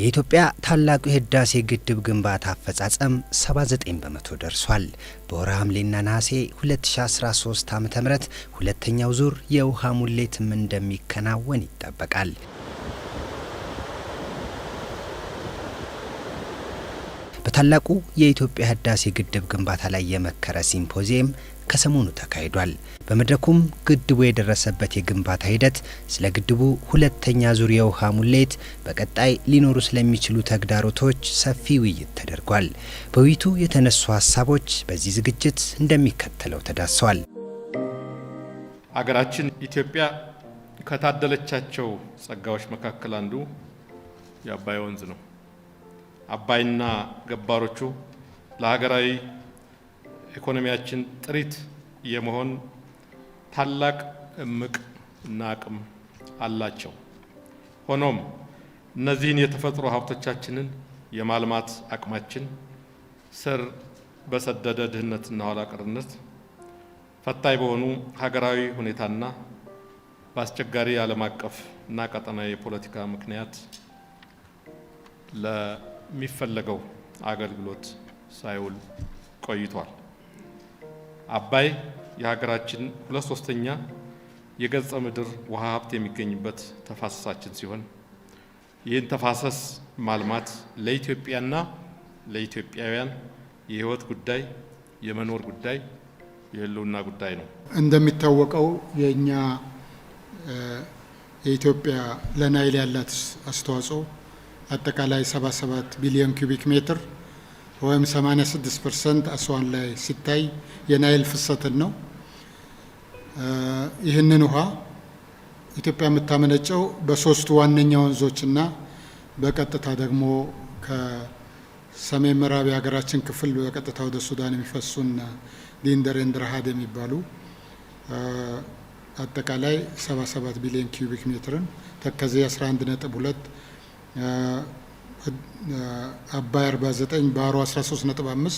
የኢትዮጵያ ታላቁ የህዳሴ ግድብ ግንባታ አፈጻጸም 79 በመቶ ደርሷል። በወርሃ ሐምሌና ነሐሴ 2013 ዓ.ም ሁለተኛው ዙር የውሃ ሙሌትም እንደሚከናወን ይጠበቃል። ታላቁ የኢትዮጵያ ህዳሴ ግድብ ግንባታ ላይ የመከረ ሲምፖዚየም ከሰሞኑ ተካሂዷል። በመድረኩም ግድቡ የደረሰበት የግንባታ ሂደት፣ ስለ ግድቡ ሁለተኛ ዙር የውሃ ሙሌት፣ በቀጣይ ሊኖሩ ስለሚችሉ ተግዳሮቶች ሰፊ ውይይት ተደርጓል። በውይይቱ የተነሱ ሀሳቦች በዚህ ዝግጅት እንደሚከተለው ተዳሰዋል። አገራችን ኢትዮጵያ ከታደለቻቸው ጸጋዎች መካከል አንዱ የአባይ ወንዝ ነው። አባይና ገባሮቹ ለሀገራዊ ኢኮኖሚያችን ጥሪት የመሆን ታላቅ እምቅ እና አቅም አላቸው። ሆኖም እነዚህን የተፈጥሮ ሀብቶቻችንን የማልማት አቅማችን ስር በሰደደ ድህነትና ኋላ ፈታኝ በሆኑ ሀገራዊ ሁኔታና በአስቸጋሪ ዓለም አቀፍ እና ቀጠናዊ የፖለቲካ ምክንያት የሚፈለገው አገልግሎት ሳይውል ቆይቷል። አባይ የሀገራችን ሁለት ሶስተኛ የገጸ ምድር ውሃ ሀብት የሚገኝበት ተፋሰሳችን ሲሆን ይህን ተፋሰስ ማልማት ለኢትዮጵያና ለኢትዮጵያውያን የህይወት ጉዳይ፣ የመኖር ጉዳይ፣ የህልውና ጉዳይ ነው። እንደሚታወቀው የእኛ የኢትዮጵያ ለናይል ያላት አስተዋጽኦ አጠቃላይ 77 ቢሊዮን ኩቢክ ሜትር ወይም 86 ፐርሰንት አስዋን ላይ ሲታይ የናይል ፍሰትን ነው። ይህንን ውሃ ኢትዮጵያ የምታመነጨው በሶስቱ ዋነኛ ወንዞችና በቀጥታ ደግሞ ከሰሜን ምዕራብ የሀገራችን ክፍል በቀጥታ ወደ ሱዳን የሚፈሱን ዲንደር ረሃድ የሚባሉ አጠቃላይ 77 ቢሊዮን ኪዩቢክ ሜትርን ተከዜ 11.2 አባይ 49 ባህሩ 13.5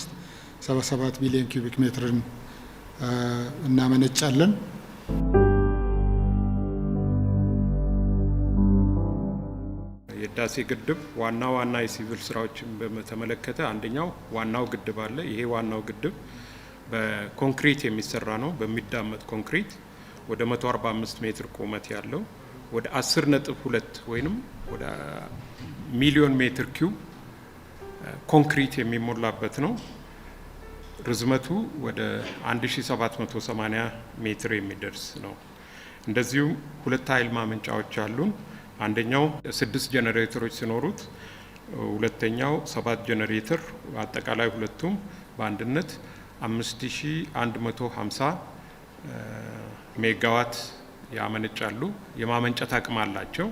77 ቢሊዮን ኪዩቢክ ሜትርን እናመነጫለን። የህዳሴ ግድብ ዋና ዋና የሲቪል ስራዎችን በተመለከተ አንደኛው ዋናው ግድብ አለ። ይሄ ዋናው ግድብ በኮንክሪት የሚሰራ ነው። በሚዳመጥ ኮንክሪት ወደ 145 ሜትር ቁመት ያለው ወደ 10.2 ወይም ወደ ሚሊዮን ሜትር ኪዩብ ኮንክሪት የሚሞላበት ነው። ርዝመቱ ወደ 1780 ሜትር የሚደርስ ነው። እንደዚሁም ሁለት ኃይል ማመንጫዎች አሉን። አንደኛው ስድስት ጀነሬተሮች ሲኖሩት ሁለተኛው ሰባት ጀነሬተር አጠቃላይ ሁለቱም በአንድነት 5150 ሜጋዋት ያመነጫሉ፣ የማመንጨት አቅም አላቸው።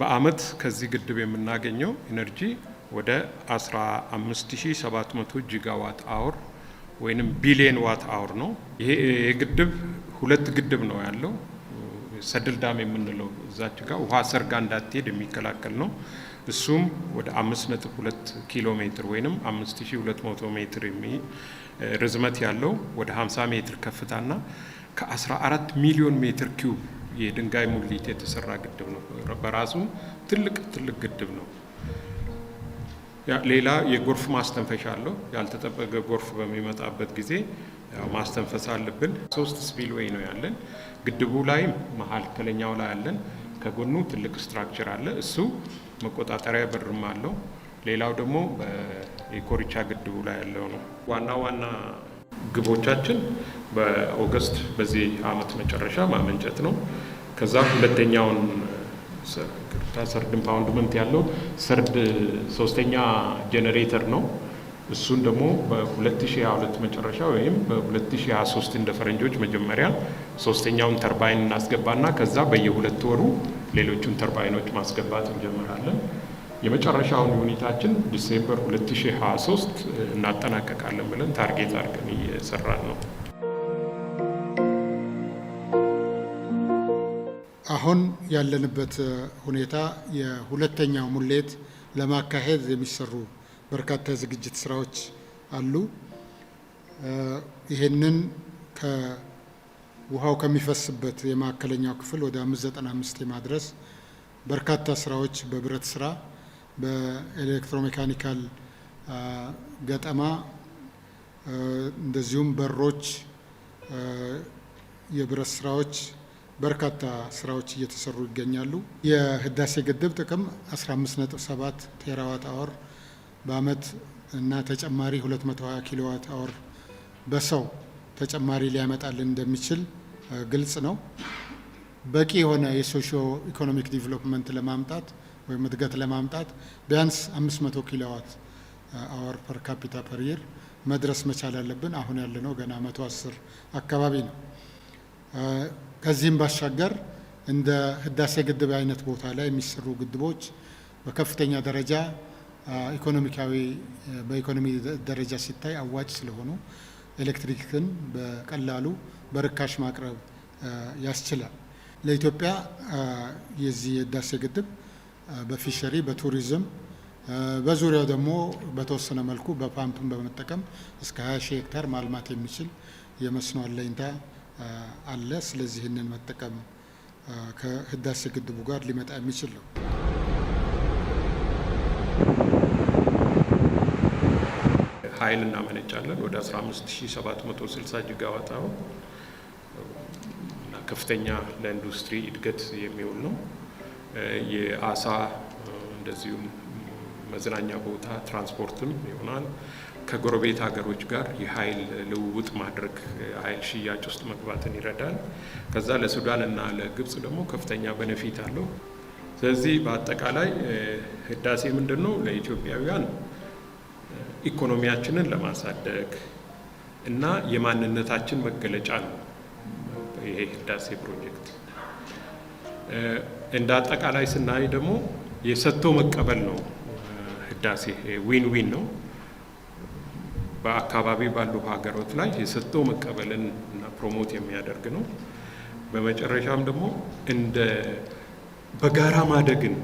በአመት ከዚህ ግድብ የምናገኘው ኢነርጂ ወደ 15700 ጂጋዋት አወር ወይም ቢሊየን ዋት አወር ነው። ይሄ የግድብ ሁለት ግድብ ነው ያለው። ሰድልዳም የምንለው እዛች ጋር ውሃ ሰርጋ እንዳትሄድ የሚከላከል ነው። እሱም ወደ 5.2 ኪሎ ሜትር ወይም 5200 ሜትር ርዝመት ያለው ወደ 50 ሜትር ከፍታና ከ14 ሚሊዮን ሜትር ኪዩብ የድንጋይ ሙሊት የተሰራ ግድብ ነው። በራሱ ትልቅ ትልቅ ግድብ ነው። ሌላ የጎርፍ ማስተንፈሻ አለው። ያልተጠበቀ ጎርፍ በሚመጣበት ጊዜ ማስተንፈስ አለብን። ሶስት ወይ ነው ያለን ግድቡ ላይም መሀል ከለኛው ላይ አለን። ከጎኑ ትልቅ ስትራክቸር አለ። እሱ መቆጣጠሪያ በርም አለው። ሌላው ደግሞ የኮርቻ ግድቡ ላይ ያለው ነው ዋና ዋና ግቦቻችን በኦገስት በዚህ አመት መጨረሻ ማመንጨት ነው። ከዛ ሁለተኛውን ሰርድ ኢምፓውንድመንት ያለው ሰርድ ሶስተኛ ጄኔሬተር ነው። እሱን ደግሞ በ2022 መጨረሻ ወይም በ2023 እንደ ፈረንጆች መጀመሪያ ሶስተኛውን ተርባይን እናስገባና ከዛ በየሁለት ወሩ ሌሎቹን ተርባይኖች ማስገባት እንጀምራለን። የመጨረሻውን ሁኔታችን ዲሴምበር 2023 እናጠናቀቃለን ብለን ታርጌት አድርገን እየሰራን አሁን ያለንበት ሁኔታ የሁለተኛው ሙሌት ለማካሄድ የሚሰሩ በርካታ የዝግጅት ስራዎች አሉ። ይህንን ከውሃው ከሚፈስበት የማዕከለኛው ክፍል ወደ 595 የማድረስ በርካታ ስራዎች በብረት ስራ፣ በኤሌክትሮሜካኒካል ገጠማ እንደዚሁም በሮች፣ የብረት ስራዎች በርካታ ስራዎች እየተሰሩ ይገኛሉ። የህዳሴ ግድብ ጥቅም 15.7 ቴራዋት አወር በአመት እና ተጨማሪ 220 ኪሎዋት አወር በሰው ተጨማሪ ሊያመጣልን እንደሚችል ግልጽ ነው። በቂ የሆነ የሶሺዮ ኢኮኖሚክ ዲቨሎፕመንት ለማምጣት ወይም እድገት ለማምጣት ቢያንስ 500 ኪሎዋት አወር ፐር ካፒታ ፐር ይር መድረስ መቻል ያለብን አሁን ያለነው ገና መቶ አስር አካባቢ ነው። ከዚህም ባሻገር እንደ ህዳሴ ግድብ አይነት ቦታ ላይ የሚሰሩ ግድቦች በከፍተኛ ደረጃ ኢኮኖሚካዊ በኢኮኖሚ ደረጃ ሲታይ አዋጭ ስለሆኑ ኤሌክትሪክን በቀላሉ በርካሽ ማቅረብ ያስችላል። ለኢትዮጵያ የዚህ የህዳሴ ግድብ በፊሸሪ በቱሪዝም በዙሪያው ደግሞ በተወሰነ መልኩ በፓምፕን በመጠቀም እስከ 20 ሺህ ሄክታር ማልማት የሚችል የመስኖ አለኝታ አለ። ስለዚህ ይህንን መጠቀም ከህዳሴ ግድቡ ጋር ሊመጣ የሚችል ነው። ኃይል እናመነጫለን ወደ 15760 ጊጋዋት አወር እና ከፍተኛ ለኢንዱስትሪ እድገት የሚውል ነው። የአሳ እንደዚሁም መዝናኛ ቦታ፣ ትራንስፖርትም ይሆናል። ከጎረቤት ሀገሮች ጋር የኃይል ልውውጥ ማድረግ ኃይል ሽያጭ ውስጥ መግባትን ይረዳል። ከዛ ለሱዳን እና ለግብጽ ደግሞ ከፍተኛ በነፊት አለው። ስለዚህ በአጠቃላይ ህዳሴ ምንድን ነው? ለኢትዮጵያውያን ኢኮኖሚያችንን ለማሳደግ እና የማንነታችን መገለጫ ነው ይሄ ህዳሴ ፕሮጀክት። እንደ አጠቃላይ ስናይ ደግሞ የሰጥቶ መቀበል ነው። ህዳሴ ዊን ዊን ነው። በአካባቢ ባሉ ሀገሮች ላይ የሰጥቶ መቀበልን እና ፕሮሞት የሚያደርግ ነው። በመጨረሻም ደግሞ እንደ በጋራ ማደግን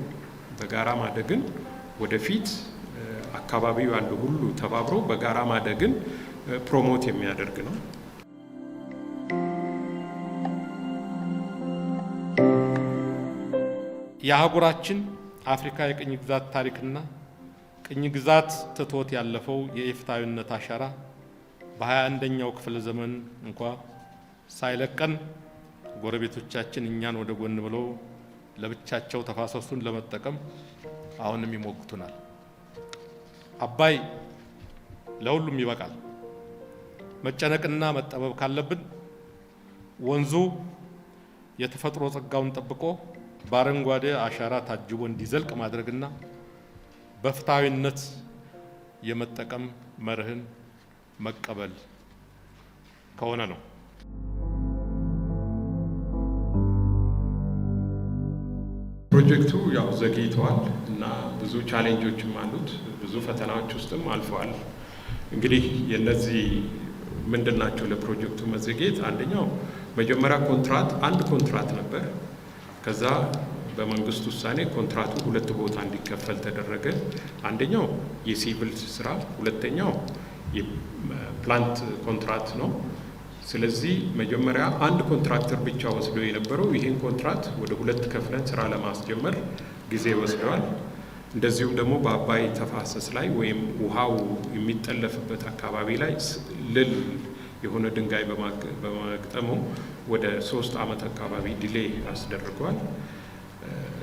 በጋራ ማደግን ወደፊት አካባቢ ያሉ ሁሉ ተባብሮ በጋራ ማደግን ፕሮሞት የሚያደርግ ነው። የአህጉራችን አፍሪካ የቅኝ ግዛት ታሪክና ቅኝ ግዛት ትቶት ያለፈው የኢፍታዊነት አሻራ በ በ21ኛው ክፍለ ዘመን እንኳ ሳይለቀን ጎረቤቶቻችን እኛን ወደ ጎን ብለው ለብቻቸው ተፋሰሱን ለመጠቀም አሁንም ይሞግቱናል። አባይ ለሁሉም ይበቃል። መጨነቅና መጠበብ ካለብን ወንዙ የተፈጥሮ ጸጋውን ጠብቆ በአረንጓዴ አሻራ ታጅቦ እንዲዘልቅ ማድረግና በፍትሐዊነት የመጠቀም መርህን መቀበል ከሆነ ነው። ፕሮጀክቱ ያው ዘግይተዋል እና ብዙ ቻሌንጆችም አሉት፣ ብዙ ፈተናዎች ውስጥም አልፈዋል። እንግዲህ የነዚህ ምንድን ናቸው? ለፕሮጀክቱ መዘግየት አንደኛው መጀመሪያ ኮንትራት አንድ ኮንትራት ነበር ከዛ በመንግስት ውሳኔ ኮንትራቱ ሁለት ቦታ እንዲከፈል ተደረገ። አንደኛው የሲቪል ስራ፣ ሁለተኛው የፕላንት ኮንትራት ነው። ስለዚህ መጀመሪያ አንድ ኮንትራክተር ብቻ ወስዶ የነበረው ይህን ኮንትራት ወደ ሁለት ከፍለን ስራ ለማስጀመር ጊዜ ወስደዋል። እንደዚሁም ደግሞ በአባይ ተፋሰስ ላይ ወይም ውሃው የሚጠለፍበት አካባቢ ላይ ልል የሆነ ድንጋይ በመግጠሙ ወደ ሶስት አመት አካባቢ ዲሌ አስደርገዋል።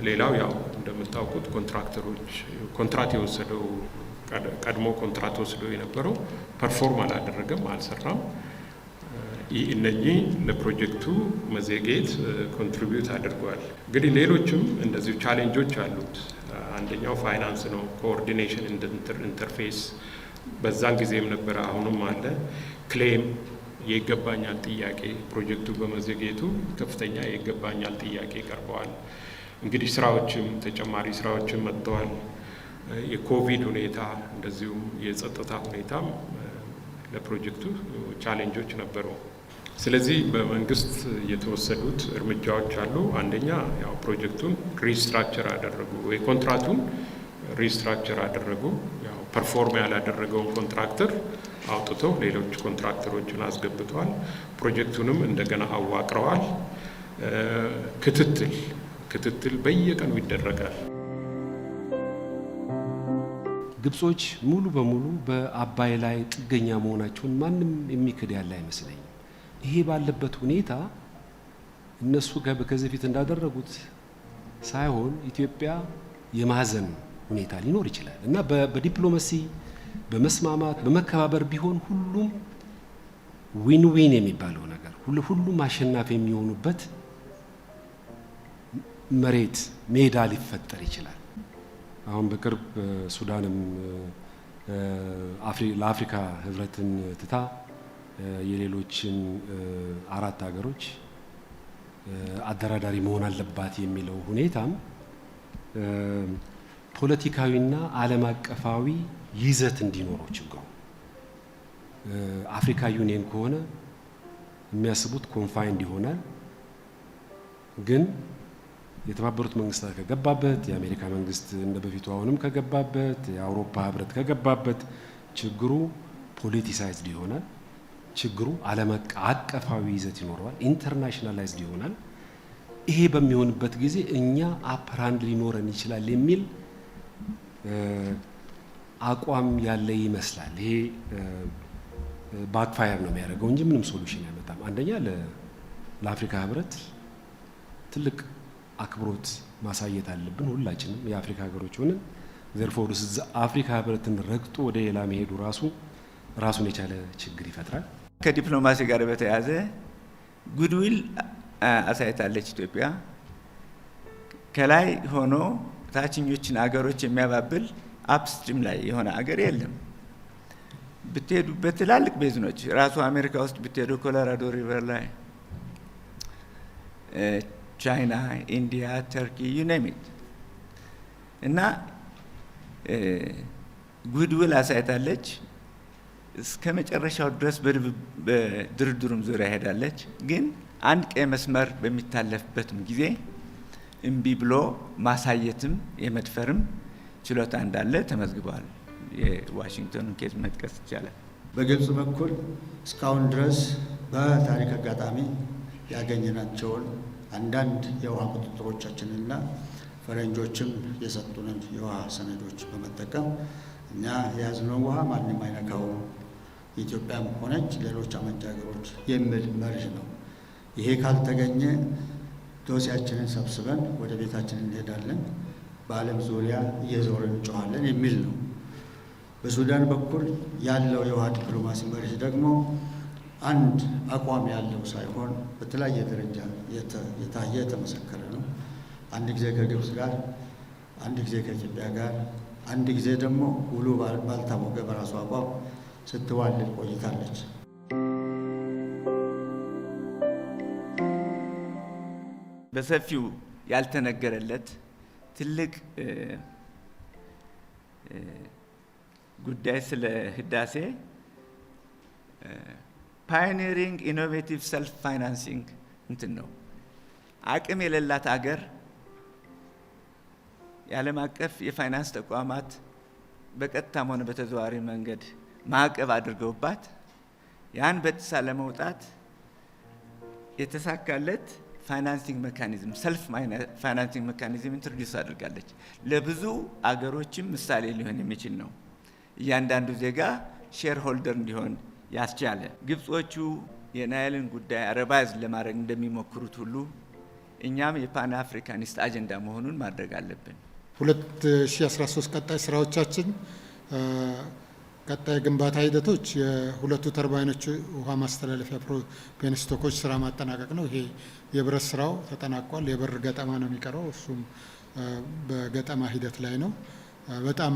ሌላው ያው እንደምታውቁት ኮንትራክተሮች ኮንትራት የወሰደው ቀድሞ ኮንትራት ወስዶ የነበረው ፐርፎርም አላደረገም፣ አልሰራም። ይህ እነኚህ ለፕሮጀክቱ መዘጌት ኮንትሪቢዩት አድርገዋል። እንግዲህ ሌሎችም እንደዚሁ ቻሌንጆች አሉት። አንደኛው ፋይናንስ ነው። ኮኦርዲኔሽን ኢንተርፌስ በዛን ጊዜም ነበረ፣ አሁንም አለ። ክሌም የይገባኛል ጥያቄ ፕሮጀክቱ በመዘጌቱ ከፍተኛ የይገባኛል ጥያቄ ቀርበዋል። እንግዲህ ስራዎችም ተጨማሪ ስራዎችም መጥተዋል። የኮቪድ ሁኔታ እንደዚሁም የጸጥታ ሁኔታም ለፕሮጀክቱ ቻሌንጆች ነበሩ። ስለዚህ በመንግስት የተወሰዱት እርምጃዎች አሉ። አንደኛ ያው ፕሮጀክቱን ሪስትራክቸር አደረጉ፣ የኮንትራቱን ሪስትራክቸር አደረጉ። ያው ፐርፎርም ያላደረገውን ኮንትራክተር አውጥቶ ሌሎች ኮንትራክተሮችን አስገብተዋል። ፕሮጀክቱንም እንደገና አዋቅረዋል። ክትትል ክትትል በየቀኑ ይደረጋል። ግብጾች ሙሉ በሙሉ በአባይ ላይ ጥገኛ መሆናቸውን ማንም የሚክድ ያለ አይመስለኝም። ይሄ ባለበት ሁኔታ እነሱ ከዚህ በፊት እንዳደረጉት ሳይሆን ኢትዮጵያ የማዘን ሁኔታ ሊኖር ይችላል እና በዲፕሎማሲ በመስማማት በመከባበር ቢሆን ሁሉም ዊን ዊን የሚባለው ነገር ሁሉም አሸናፊ የሚሆኑበት መሬት ሜዳ ሊፈጠር ይችላል። አሁን በቅርብ ሱዳንም ለአፍሪካ ህብረትን ትታ የሌሎችን አራት ሀገሮች አደራዳሪ መሆን አለባት የሚለው ሁኔታም ፖለቲካዊና ዓለም አቀፋዊ ይዘት እንዲኖረው ችግሩ አፍሪካ ዩኒየን ከሆነ የሚያስቡት ኮንፋይንድ ይሆናል ግን የተባበሩት መንግስታት ከገባበት፣ የአሜሪካ መንግስት እንደ በፊቱ አሁንም ከገባበት፣ የአውሮፓ ህብረት ከገባበት ችግሩ ፖለቲሳይዝድ ይሆናል። ችግሩ ዓለም አቀፋዊ ይዘት ይኖረዋል። ኢንተርናሽናላይዝድ ይሆናል። ይሄ በሚሆንበት ጊዜ እኛ አፕራንድ ሊኖረን ይችላል የሚል አቋም ያለ ይመስላል። ይሄ ባክፋየር ነው የሚያደርገው እንጂ ምንም ሶሉሽን አይመጣም። አንደኛ ለአፍሪካ ህብረት ትልቅ አክብሮት ማሳየት አለብን። ሁላችንም የአፍሪካ ሀገሮች ሆነን ዘርፎር ስ አፍሪካ ህብረትን ረግጦ ወደ ሌላ መሄዱ ራሱ ራሱን የቻለ ችግር ይፈጥራል። ከዲፕሎማሲ ጋር በተያያዘ ጉድዊል አሳይታለች ኢትዮጵያ። ከላይ ሆኖ ታችኞችን አገሮች የሚያባብል አፕስትሪም ላይ የሆነ አገር የለም። ብትሄዱ በትላልቅ ቤዝኖች ራሱ አሜሪካ ውስጥ ብትሄዱ ኮሎራዶ ሪቨር ላይ ቻይና፣ ኢንዲያ፣ ተርኪ ዩኔሚት እና ጉድውል አሳይታለች። እስከ መጨረሻው ድረስ በድርድሩም ዙሪያ ሄዳለች። ግን አንድ ቀይ መስመር በሚታለፍበትም ጊዜ እምቢ ብሎ ማሳየትም የመድፈርም ችሎታ እንዳለ ተመዝግበዋል። የዋሽንግተኑን ኬዝ መጥቀስ ይቻላል። በግብፅ በኩል እስካሁን ድረስ በታሪክ አጋጣሚ ያገኘናቸውን አንዳንድ የውሃ ቁጥጥሮቻችንና ፈረንጆችም የሰጡንን የውሃ ሰነዶች በመጠቀም እኛ የያዝነውን ውሃ ማንም አይነካውም ኢትዮጵያም ሆነች ሌሎች አመንጭ ሀገሮች የሚል መርህ ነው። ይሄ ካልተገኘ ዶሴያችንን ሰብስበን ወደ ቤታችን እንሄዳለን፣ በዓለም ዙሪያ እየዞርን እንጮኋለን የሚል ነው። በሱዳን በኩል ያለው የውሃ ዲፕሎማሲ መርህ ደግሞ አንድ አቋም ያለው ሳይሆን በተለያየ ደረጃ የታየ የተመሰከረ ነው። አንድ ጊዜ ከግብፅ ጋር፣ አንድ ጊዜ ከኢትዮጵያ ጋር፣ አንድ ጊዜ ደግሞ ውሉ ባልታወቀ በራሱ አቋም ስትዋልል ቆይታለች። በሰፊው ያልተነገረለት ትልቅ ጉዳይ ስለ ህዳሴ ፓዮኒሪንግ ኢኖቬቲቭ ሰልፍ ፋይናንሲንግ እንትን ነው። አቅም የሌላት አገር የዓለም አቀፍ የፋይናንስ ተቋማት በቀጥታም ሆነ በተዘዋዋሪ መንገድ ማዕቀብ አድርገውባት ያን በጥሳ ለመውጣት የተሳካለት ፋይናንሲንግ ሜካኒዝም ሰልፍ ፋይናንሲንግ ሜካኒዝም ኢንትሮዲውስ አድርጋለች። ለብዙ አገሮችም ምሳሌ ሊሆን የሚችል ነው። እያንዳንዱ ዜጋ ሼር ሆልደር እንዲሆን ያስቻለ ግብጾቹ የናይልን ጉዳይ አረባይዝ ለማድረግ እንደሚሞክሩት ሁሉ እኛም የፓን አፍሪካኒስት አጀንዳ መሆኑን ማድረግ አለብን። 2013 ቀጣይ ስራዎቻችን ቀጣይ ግንባታ ሂደቶች የሁለቱ ተርባይኖች ውሃ ማስተላለፊያ ፔንስቶኮች ስራ ማጠናቀቅ ነው። ይሄ የብረት ስራው ተጠናቋል። የበር ገጠማ ነው የሚቀረው። እሱም በገጠማ ሂደት ላይ ነው። በጣም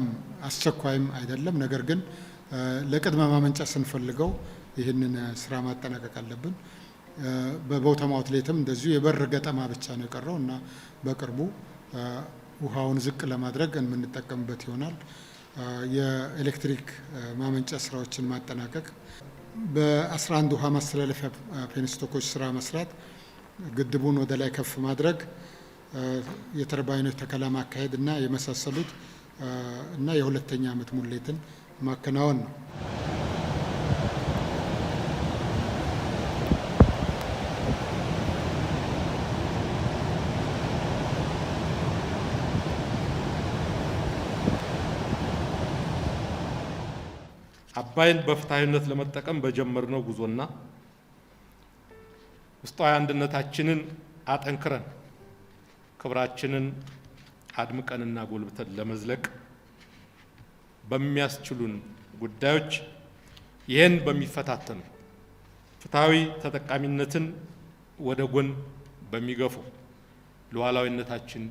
አስቸኳይም አይደለም ነገር ግን ለቅድመ ማመንጫ ስንፈልገው ይህንን ስራ ማጠናቀቅ አለብን። በቦተም አውትሌትም እንደዚሁ የበር ገጠማ ብቻ ነው የቀረው እና በቅርቡ ውሃውን ዝቅ ለማድረግ የምንጠቀምበት ይሆናል። የኤሌክትሪክ ማመንጫ ስራዎችን ማጠናቀቅ፣ በ11 ውሃ ማስተላለፊያ ፔንስቶኮች ስራ መስራት፣ ግድቡን ወደ ላይ ከፍ ማድረግ፣ የተርባይኖች ተከላ ማካሄድ እና የመሳሰሉት እና የሁለተኛ ዓመት ሙሌትን ማከናወን ነው። አባይን በፍትሐዊነት ለመጠቀም በጀመርነው ጉዞና ውስጣዊ አንድነታችንን አጠንክረን ክብራችንን አድምቀንና ጎልብተን ለመዝለቅ በሚያስችሉን ጉዳዮች ይህን በሚፈታተኑ ፍትሐዊ ተጠቃሚነትን ወደ ጎን በሚገፉ ሉዓላዊነታችን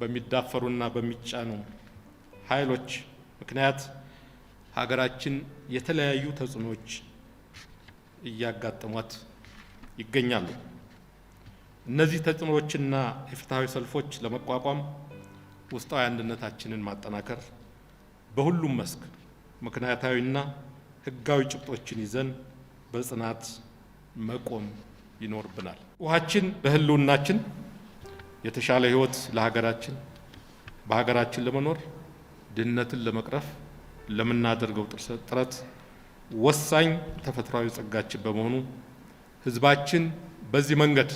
በሚዳፈሩና በሚጫኑ ኃይሎች ምክንያት ሀገራችን የተለያዩ ተጽዕኖዎች እያጋጠሟት ይገኛሉ። እነዚህ ተጽዕኖዎችና የፍትሐዊ ሰልፎች ለመቋቋም ውስጣዊ አንድነታችንን ማጠናከር በሁሉም መስክ ምክንያታዊና ህጋዊ ጭብጦችን ይዘን በጽናት መቆም ይኖርብናል። ውሃችን በህልውናችን የተሻለ ህይወት ለሀገራችን፣ በሀገራችን ለመኖር ድህነትን ለመቅረፍ ለምናደርገው ጥረት ወሳኝ ተፈጥሯዊ ጸጋችን በመሆኑ ህዝባችን በዚህ መንገድ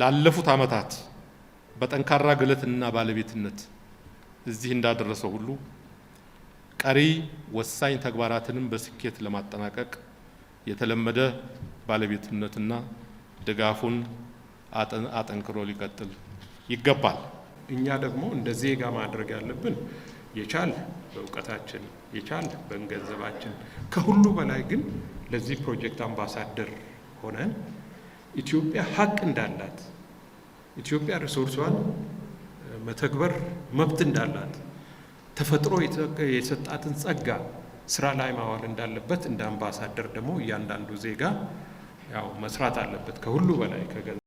ላለፉት ዓመታት በጠንካራ ግለትና ባለቤትነት እዚህ እንዳደረሰው ሁሉ ቀሪ ወሳኝ ተግባራትንም በስኬት ለማጠናቀቅ የተለመደ ባለቤትነትና ድጋፉን አጠንክሮ ሊቀጥል ይገባል። እኛ ደግሞ እንደ ዜጋ ማድረግ ያለብን የቻል በእውቀታችን የቻል በገንዘባችን ከሁሉ በላይ ግን ለዚህ ፕሮጀክት አምባሳደር ሆነን ኢትዮጵያ ሀቅ እንዳላት ኢትዮጵያ ሪሶርሷን መተግበር መብት እንዳላት ተፈጥሮ የሰጣትን ጸጋ ስራ ላይ ማዋል እንዳለበት እንደ አምባሳደር ደግሞ እያንዳንዱ ዜጋ ያው መስራት አለበት ከሁሉ በላይ